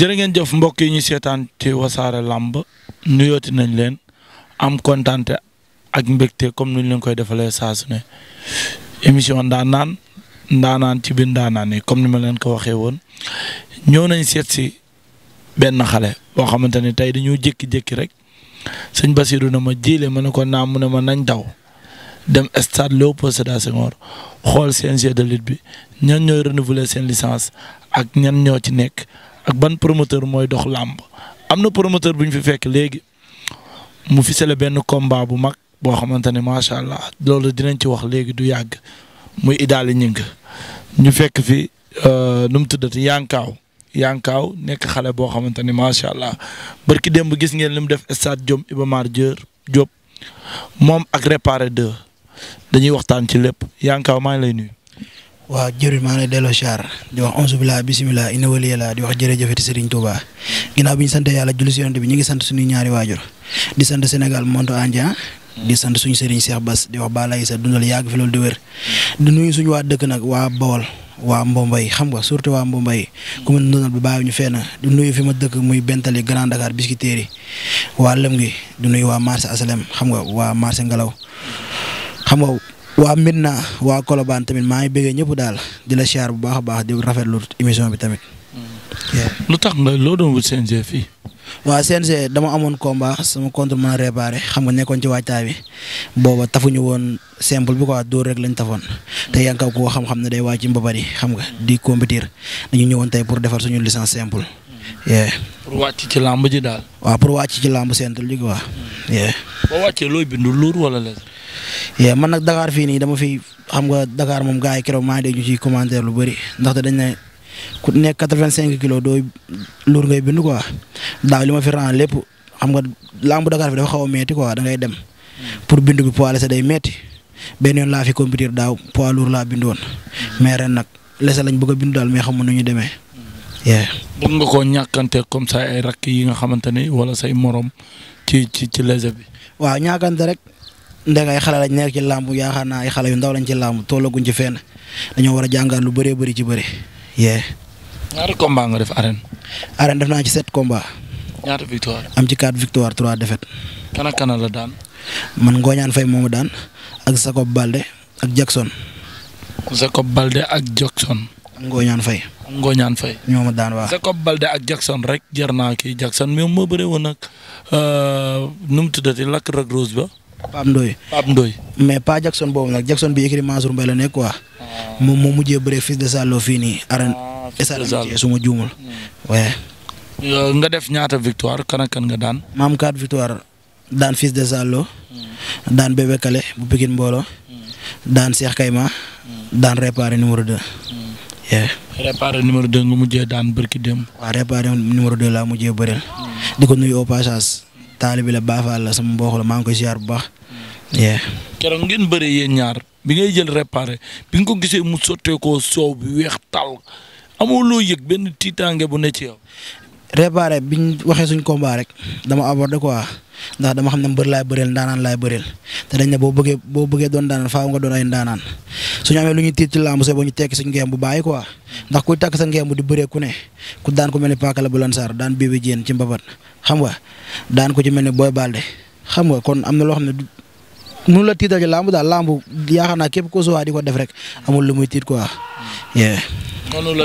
jërë ngeen jëf mbokk yi ñu seetaan ci wasaare làmb nuyooti nañ leen am kontaan ak mbégte comme ni ñu leen koy defalee saa su ne émission ndaanaan ndaanaan ci biir ndaanaan yi comme ni ma leen ko waxee woon ñëw nañ seet si benn xale boo xamante ne tey dañoo jékki-jékki rek sëñ Basiru na ma jiile ma ne ko naam mu ne ma nañ daw dem stade Léopold Sédar Senghor xool CNG de lutte bi ñan ñooy renouveler seen licence ak ñan ñoo ci nekk. ak ban promoteur mooy dox làmb am na promoteur bu ñu fi fekk léegi mu fi sele benn combat bu mag boo xamante ne macha allah loolu dinañ ci wax léegi du yàgg muy Idaly Gningue ñu fekk fi euh, nu mu tuddati Yankaaw Yankaaw nekk xale boo xamante ni macha allah barki démb gis ngeen li mu def stade Jom Iba jër Diop moom ak Réparé 2 dañuy waxtaan ci lépp Yankaaw maa ngi lay nuyu. waaw jërëjëf maa ngi delloo char di wax onze billah bisimilah inna waliyallah di wax jërëjëfati Serigne Touba ginnaaw bi ñu sant yàlla julli si yonent bi ñu ngi sant suñu ñaari waajur di sant Sénégal monto andia di sant suñu Serigne Cheikh Bass di wax balay sa dundal yàgg fi loolu di wér di nuyu suñu waa dëkk nag waa Bawol waa Mbombay xam nga surtout waa Mbombay ku ma dundal bu bàyyi ñu fenn di nuyu fi ma dëkk muy Bentali Grand Dakar Biscuiterie waa Lëm ngi du nuyu waa marché Asalem xam nga waa marché Ngalaw xam waa Medina waa Colobane tamit maa ngi bëggee ñëpp daal di la siyaar bu baax a baax di rafetlu émission bi tamit. Mm. lu tax nga loo doon wut CNG fii. waaw CNG dama amoon combat sama contre mën a réparé xam nga nekkoon ci waajtaay bi booba tafuñu woon simple bi quoi dóor rek lañ tafoon te yankaw koo xam-xam ne day wàcc ci mbabar yi di compétir dañu ñëwoon tey pour defar suñu licence simple. Mm. pour wàcc ci làmb ji daal. waaw pour wàcc ci làmb simple ji quoi. Mm. boo yee man nag Dakar fii nii dama fi xam nga Dakar moom gars yi keroog maa ngi dégg ñu ciy commentaire lu bëri ndaxte dañ ne ku nekk quatre ngay bind quoi daaw li ma fi ran lépp xam nga lambu Dakar fi dafa xaw a metti quoi da ngay dem pour bind bi poids lese day metti benn yoon laa fi compétir daaw a lourd laa bind woon mais ren nag lese lañ bëgg a bind daal mais xam nu ñu demee. bëgg nga koo ñàkkante comme ça ay rakk yi nga xamante ne wala say morom ci ci ci bi. ndeg ay xale lañ nekk ci làmb yaakaar naa ay xale yu ndaw lañ ci làmb tollaguñ ci fenn dañoo war a jàngaat lu bëree bëri ci bëri. ñaari combat nga def arène. arène def naa ci sept combat. ñaata am ci quatre victoire trois défaites. kan ak la daan. man Ngoñaan fay moom daan ak Jacob Balde ak Jackson. Jacob Balde ak Jackson. Ngoñaan Faye. Ngoñaan Faye. ñoo daan waaw. Jacob Balde ak Jackson rek jar naa kii Jackson mais moo bëree woon nag euh, nu mu tuddati Lac Rose ba. Pape Ndoye Pape Ndoye mais pas Jackson boobu nag Jackson bi écrit Mansour Mbaye la nekk quoi. Ah. moom moo mujjee bëree fils de Salo fii nii. Ah, arène esal suma juumul. Hmm. Euh, nga def ñaata victoire kan nga daan. ma am quatre victoire daan fils de Salo. Hmm. daan Bébé Kale bu Pikine mbooloo. Hmm. daan Cheikh Kayma. daan réparé numéro 2. nga mujjee daan bërki dem. waaw réparé numéro 2 laa mujjee bëreel. di ko nuyu au taalibi la baafaal la sama mbokk la maa ngi koy yaar bu baax. keroog ngeen bëre yéen ñaar bi ngay jël réparé bi nga ko gisee mu sotteekoo soow bi weex tàll amoo loo yëg benn tiitaange bu ne ci yow. bi biñ waxee suñ combat rek dama abordé quoi ndax dama xam ne mbër laay bëreel ndaanaan laay bëreel te dañ ne boo bëggee boo bëggee doon ndaanaan faaw nga doon ay ndaanaan suñu amee lu ñuy tiit ci làmb see ba ñu tekki suñu ngeem bu bàyyi quoi ndax kuy takk sa di bëree ku ne ku daan ku mel ni Pakala bu Lansar daan Bébé Diène ci mbabat xam nga daan ko ci mel ni Boy Balde xam nga kon am na loo xam ne mënu la tiital ci làmb daal làmb yaakaar naa képp koo suwaa di ko def rek amul lu muy tiit quoi. noonu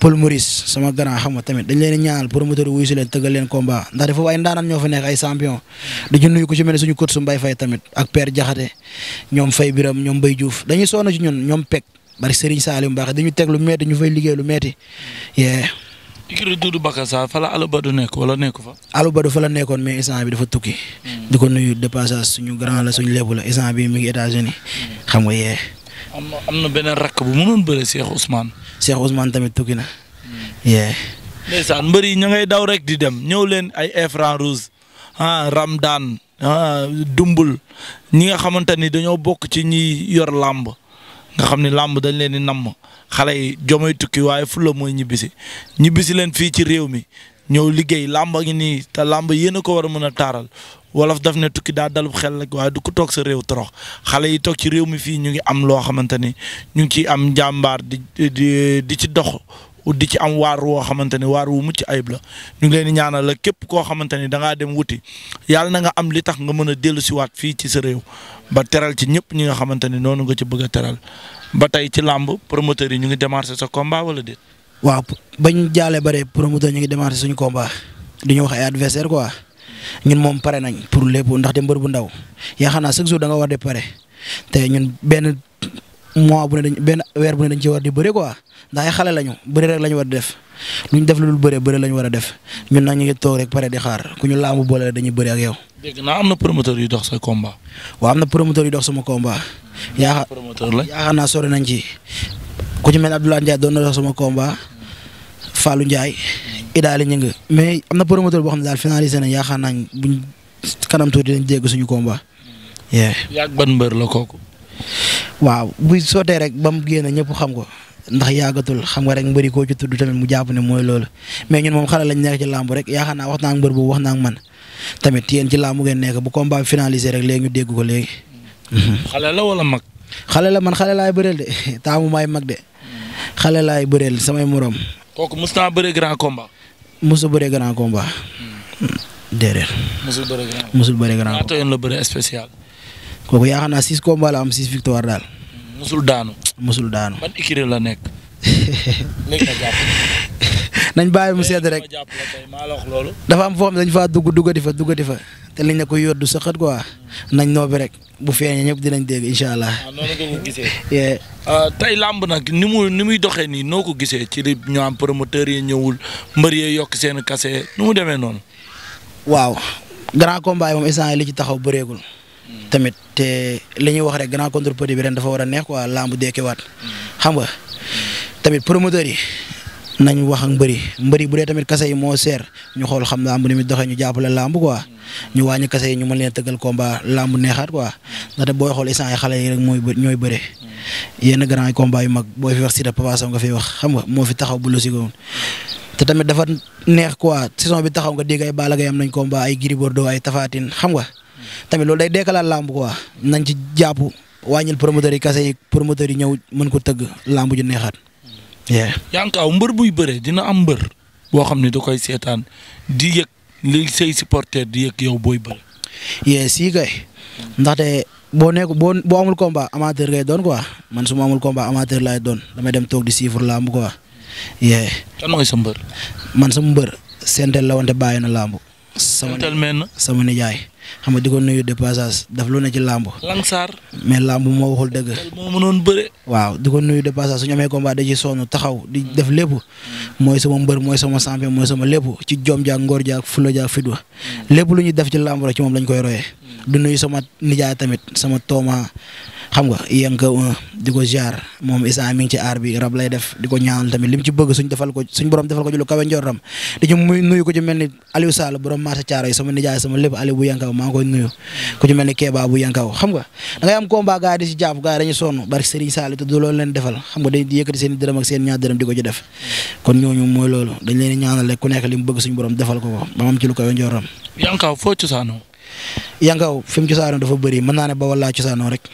Paul Maurice sama grand xam nga tamit dañ leen ñaanal promoteur wuyu si leen tëggal leen combat ndax dafa ay ndaanaan ñoo fa nekk ay champion di nuyu ku ci mel ne suñu coach su Mbaye Faye tamit ak Père Diakhaté ñoom Faye Biram ñoom Mbaye Diouf dañuy sonn ci ñun ñoom pek bari Serigne Salim Mbacké dañu teg lu metti ñu fay liggéey lu metti yee ikiri Doudou Baka Sarr fa la Alubadu nekk wala nekk fa. Alubadu fa la nekkoon mais instant bi dafa tukki. di ko nuyu de passage suñu grand la suñu lépp la instant bi mi ngi États-Unis xam nga yee. na am na benn rakk bu mënoon Cheikh Ousmane tamit tukki na. Hmm. yee. ndeysaan mbër yi ñu ngay daw rek di dem ñëw leen ay Efran Rouge ah Ramdan Dumbul ñi nga xamante ni dañoo bokk ci ñi yor làmb nga xam ni làmb dañ leen di namm xale yi jomay tukki waaye fu mooy ñibbisi ñibbisi leen fii ci réew mi ñëw liggéey làmb a ngi nii te làmb yéen a ko war a mën a taaral wolof daf ne tukki daa dalub xel rek waaye du ko toog sa réew torox xale yi toog ci réew mi fii ñu ngi am loo xamante ni ñu ngi ciy am njàmbaar di di di ci dox di ci am waar woo xamante ni waar wu mucc ayib ñu ngi leen di ñaanal la képp koo xamante ni da dem wuti yàlla na nga am li tax nga mën a dellu siwaat fii ci sa réew ba teral ci ñëpp ñi nga xamante ni noonu nga ci bëgg a teral ba tey ci làmb promoteur yi ñu ngi démarché sa combat wala déet. waaw bañ jaale bare promoteur ñu ngi démarrer suñu combat du ñu wax ay adversaire quoi ñun moom pare nañ pour lépp ndaxte mbër bu ndaw yaakaar naa chaque jour da nga war di te ñun benn mois bu ne dañ benn weer bu ne dañ ci war di bëre quoi ndax ay xale lañu bëre rek lañu war di def luñ def lu bëre bëre lañu war a def ñun nag ñu ngi toog rek pare di xaar ku ñu laamu boole dañuy bëre ak yow. dégg naa am sa combat. waaw am na promoteur yu dox sama combat. yaakaar promoteur la yaakaar naa sori nañ ci ku ci mel Abdoulaye Ndiaye doon na dox sama combat Fallou Ndiaye Idaali ñu ngi mais am na promoteur boo xam ne daal finalisé na yaakaar naa ne buñ kanam tuuti dinañ dégg suñu combat. yàgg mbër la kooku. waaw buy sottee rek ba mu génn ñëpp xam ko ndax yàggatul xam nga rek mbëri koo ci tudd tamit mu jàpp ne mooy loolu mais moom xale lañ nekk ci làmb rek yaakaar naa wax naa ak mbër boobu wax naa ak tamit yéen ci làmb ngeen nekk bu combat finalisé rek léegi ñu dégg ko la wala mag. xale la man xale laay bëreel de taamu maay mag de xale lay bëreel samay morom. kooku mos naa bëree grand combat. mosul bëree grand combat. Hmm. déedéet. mosul bëree grand combat mosul bëree grand combat. ñaata yoon la naa six combats am six victoire daal. mosul hmm, daanu. mosul daanu. ban la nekk. nañ bàyyi mu sedd rek dafa am foo xam faa dugg duggati fa duggati fa te liñ ne ko yóor du sëqat quoi nañ noobi rek bu feeñee ñëpp dinañ dégg incha allah. Ah, noonu ah, làmb nag ni muy ni muy doxee nii noo ko gisee ci li ñu am promoteur yi ñëwul mbër yi yokk seen kase nu mu demee noonu. waaw grand combat yi li ci taxaw bëreegul. tamit te li ñuy wax rek grand contre petit bi ren dafa war a neex quoi làmb dekkewaat. Mm. xam nga mm. tamit promoteur yi. nañ wax ak mbëri mbëri bu dee tamit kase yi moo seer ñu xool xam lamb ni mi doxee ñu jàppale lamb quoi ñu wàññi kase yi ñu mën leen tëggal combat lamb neexaat quoi ndaxte booy xool instant ay xale yi rek yu mag booy fi wax si da Papa Sow nga fi wax xam nga moo fi taxaw bu la sigoon te tamit dafa neex quoi saison bi taxaw nga dégg ay Balla Gaye am nañ combat ay Gris Bordeaux ay Tapha Tine xam nga tamit loolu day dekkalaat lamb quoi nañ ci jàpp wàññil promoteurs yi kase yi promoteurs yi ñëw mën ko tëgg lamb ju neexaat yankaaw mbër buy bëre dina am mbër boo xam ne da koy seetaan di yëg li sey supporter di yëg yow booy bëre. yee sii kay ndaxte boo nekk boo boo amul combat amateur ngay doon quoi man su ma amul combat amateur laay doon damay dem toog di siifur làmb quoi. kan mooy sa mbër. man sama mbër sentel la wante bàyyi na làmb. sama nijaay xam nga di ko nuyu de passage daf lu ne ci làmb. Langsar. mais làmb moo waxul dëgg. moo waaw di ko nuyu de passage su ñu amee combat da ci sonn taxaw di def lépp. mooy sama mbër mooy sama champion mooy sama lépp ci jom jaak ngor jaak fulla jaak fidwa lépp lu ñu def ci làmb rek ci moom lañ koy royee. du nuyu sama nijaay tamit sama tooma xam nga yénk euh, di ko ziar moom Issa mi ngi ci aar bi rab lay def di ko ñaanal tamit lim ci bëgg suñ defal ko suñ borom defal ko ci lu kawe njortam di ci muy nuyu ku ci mel dañu sonn barki Serigne Sall te loolu leen defal xam nga di yëkkati seen dërëm ak seen ñaar dërëm di ko ci def kon ñooñu mooy loolu dañ leen ñaanal ku nekk li bëgg suñ borom defal ko ko ba am ci yankaw foo cosaanoo yankaw fi mu cosaanoo dafa bëri mën naa ne ba wallaa cosaanoo rek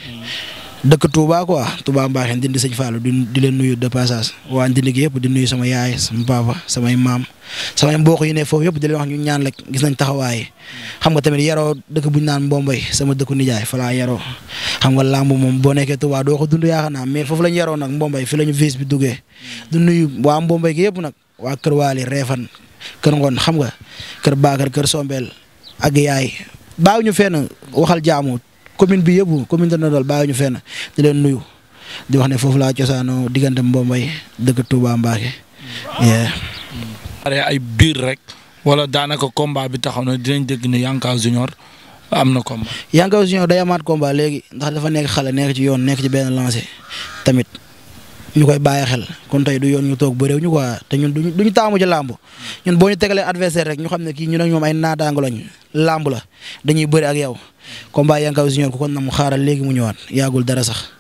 dëkk Touba quoi Touba Mbaxeen dindi sëñ Fallou di di leen nuyu de passage waa ndindi gi yëpp di nuyu sama yaay sama papa samay maam samay mbokk yi ne foofu yëpp di leen wax ñu ñaan rek gis taxawaay xam nga tamit yaroo dëkk bu ñu naan Mbombay sama dëkku nijaay fa laa yaroo nga làmb moom boo nekkee Touba doo ko dund yaakaar naa mais foofu la ñu yaroo la ñu vis bi duggee du nuyu waa Mbombay gi yëpp nag waa Kër Waali Réfan Kër Ngon xam nga Kër Bakar Kër Sombel ak yaay bàyyiwuñu fenn waxal jaamu commune bi yëpp commune de Nodal bàyyiwuñu fenn di leen nuyu di wax ne foofu laa cosaanoo diggante Mbombay dëkk Touba Mbacké. waaw ay biir rek wala daanaka combat bi taxaw na dinañ dégg ne Yanka Junior am na combat. Yanka Junior day amaat combat léegi ndax dafa nekk xale nekk ci yoon nekk ci benn lancé tamit. ñu koy bàyyi xel kon tey du yoon ñu toog ba réew ñu quoi te ñun duñu duñu taamu ci làmb ñun boo ñu tegalee adversaire rek ñu xam ne kii ñun ak ñoom ay naataango lañ làmb la dañuy bëri ak yow combat Yankaw Junior ku ko nam xaaral léegi mu ñëwaat yaagul dara sax.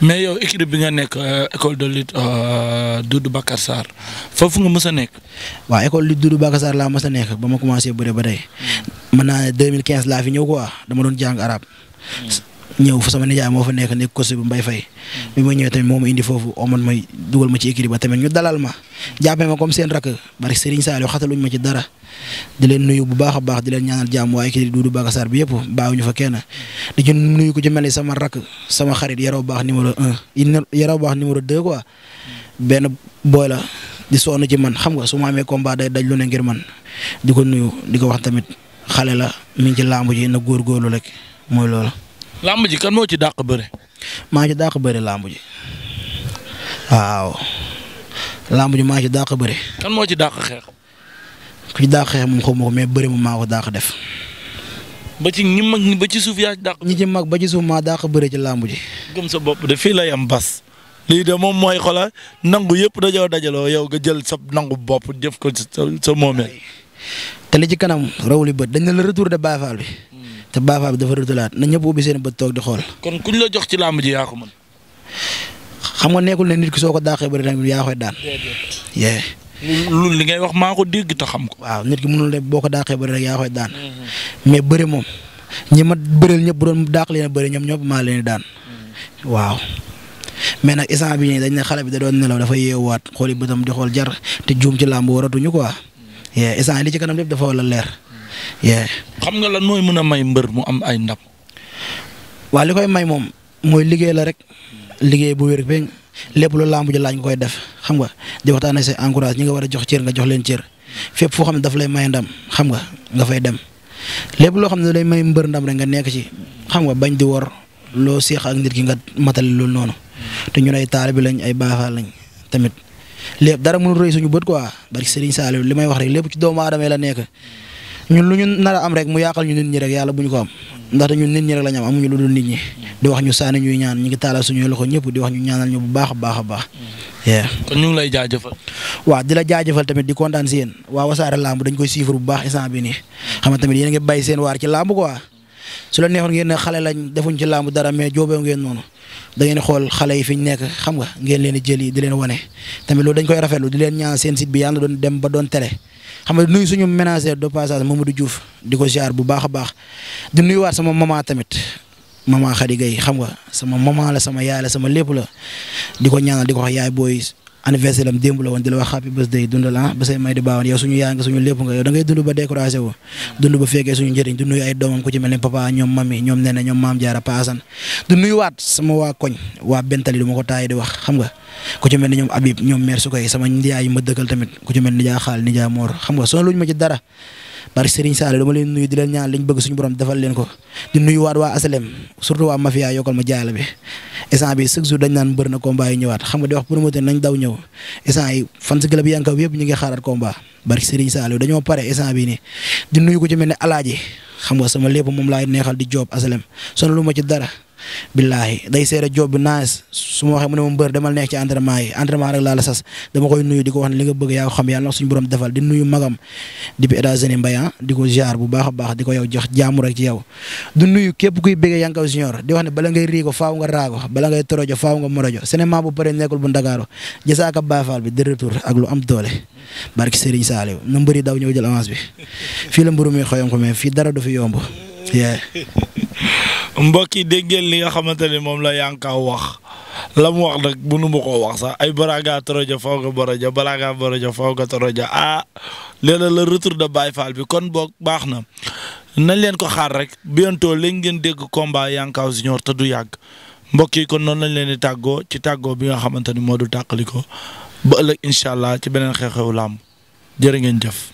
mais yow équipe bi nga nekk euh, école de lutte euh, Doudou Bakar Sarr foofu nga mës a nekk. waaw école lutte Doudou Bakar Sarr laa mës a nekk ba ma commencé bëre ba tey hmm. mën naa ne 2015 laa fi ñëw quoi dama doon jàng arab hmm. ñëw fa sama nijaay moo fa nekk nekk ko si bu mbay fay mm. bi ma ñëwee tamit moo ma indi foofu oman ma dugal ma ci écurie ba tamit ñu dalal ma jàppee ma comme seen rakk bari Serigne Saliou xataluñ ma ci dara di leen a baax di leen ñaanal jàmm waa ko ci mel ni sama rakk sama xarit yaroo baax numéro un yaroo baax numéro deux quoi mm. benn booy la di sonn ci man xam nga su ma amee combat day daj lu ne ngir di ko nuyu di ko wax tamit xale la mi ngi ci làmb ji na góorgóorlu rek mooy loolu làmb ji kan moo ci dàq bëre. maa ci dàq bëre làmb ji waaw làmb ji maa ci dàq bëre. kan moo ci dàq xeex. ku ci dàq xeex moom xaw ma ko mais bëre moom maa ko dàq def. ba ci ñi ba ci suuf yaa ci dàq. ñi ci mag ba ci suuf maa dàq bëre ci làmb ji. gëm sa bopp de fii lay am bas. lii de moom mooy xola nangu yëpp dajoo dajaloo yow nga jël sa nangu bopp jëf ko sa sa moomeel. te li ci kanam rawli bët dañ ne la retour de Baye Fall bi. te baafa bi dafa rëddalaat na ñëpp ubbi seen bët toog di xool. kon kuñ la jox ci làmb ji yaa ko mën. xam nga nekkul ne nit ki soo ko daaxee bëri tamit yaa koy daan. déedéet. li ngay wax maa dégg te xam ko. waaw nit ki mënul boo ko daaxee bëri rek yaa koy daan. Mm-hmm. mais bëri moom ñi ma bëreel ñëpp bu doon daax leen a bëri ñoom ñëpp maa leen daan. Mm-hmm. waaw. mais nag instant bi dañ ne xale bi da doon nelaw dafa yeewaat xooli bëtam di xool jar te juum ci làmb waratuñu quoi. Mm-hmm. instant li ci kanam lépp dafa wala leer. yee xam nga lan mooy mën a may mbër mu am ay ndam. waa li koy may moom mooy liggéey la rek liggéey bu wér bi lépp lu laaj nga koy def xam nga di waxtaan ak say encourage ñi nga war a jox cër nga jox leen cër fépp foo xam ne daf lay may ndam xam nga nga fay dem lépp loo xam ne lay may mbër ndam rek nga nekk ci xam nga bañ di wor loo seex ak nit ki nga matali lool noonu te ñun ay taalibe lañ ay baaxaal lañ tamit lépp dara mënul rëy suñu bët quoi barki Serigne Saliou li may wax rek lépp ci doomu aadama la nekk ñun lu ñu nar am rek mu yàqal ñu nit ñi rek yàlla bu ñu ko am ndaxte ñun nit ñi rek la ñu am amuñu lu dul nit ñi di wax ñu saani ñuy ñaan ñu ngi taalal suñuy loxo ñëpp di wax ñu ñaanal bu baax a baax a baax. kon ñu di la jaajëfal si yéen waa wasaare lamb dañ koy siifar bu baax instant bi nii xam nga a ngi bàyyi seen waar ci lamb quoi su la neexoon ngeen ne xale lañ defuñ ci da ngeen xool xale yi fi ñu nekk nga ngeen leen di jëli di leen wane tamit loolu dañ koy rafetlu di leen ñaan seen site bi yàlla doon dem ba doon télé xam nga nuyu suñu ménagère de passage Mamadou Diouf di ko ziar bu baax a baax di nuyuwaat sama maman tamit maman Khady Gueye xam nga sama maman la sama yaay la sama lépp la di ko ñaanal di ko yaay booy anniversaire am démb la woon di la wax happy birthday dundal ah, ba say may di baawoon yow suñu yaa nga suñu lépp nga yow da ngay ba découragé wu ba fekkee suñu njëriñ du nuyu doomam ku ci mel papa ñoom mami ñoom nene ñoom maam jaara pa asan du sama waa koñ waa bentali du ma ko taay di wax xam nga ku ci mel ne ñoom abib ñoom mère su koy sama nijaay yi ma dëkkal tamit ku ci mel ni jaa xaal nijaay moor xam nga sonaluñ ma ci dara bari Serigne Sall dama leen nuyu di leen ñaan liñ bëgg suñu borom defal leen ko di nuyu waat waa aslem surtout waa mafia yokkal ma jaay bi instant bi chaque jour dañ naan mbër na combat yi ñëwaat xam nga di wax promoteur nañ daw ñëw instant yi fan si club Yankaw yëpp ñu ngi xaaraat combat bari Serigne Sall dañoo pare instant bi nii di nuyu ko ci mel ne alaaji xam nga sama lépp moom laay neexal di job aslem ma ci dara billaahi day seere job bi naas su ma waxee mu ne ma mbër demal nekk ci entraînement yi entraînement rek laa la sas dama koy nuyu di ko wax ne li nga bëgg yaa xam yàlla na suñu borom ah, a baax di du nuyu képp kuy bëggee Yankaw Junior di wax ne bala ngay riigo faaw nga raago bala ngay torojo faaw nga morojo cinéma bu paree nekkul bu ndakaaro jasaaka baafaal bi de retour ak lu am doole barki Serigne Saliou na mbëri daw ñëw jël avance bi fii la mburu mi xoyam ko mais dara mbokk yi dégg ngeen li nga xamante ne moom la Yankaw wax la mu wax nag mënu ma koo wax sax ay Baraga Toroja Fawga Boroja Baraga Boroja Fawga Toroja ah léeg-léeg le retour de Baye Fall bi kon boog baax na nañ leen ko xaar rek bientôt lañ ngeen dégg combat Yankaw Junior te du yàgg mbokk yi kon noonu lañ leen di tàggoo ci tàggoo bi nga xamante ni moo du tàqali ko ba ëllëg incha allah ci beneen xew-xewu làmb jërë ngeen jëf.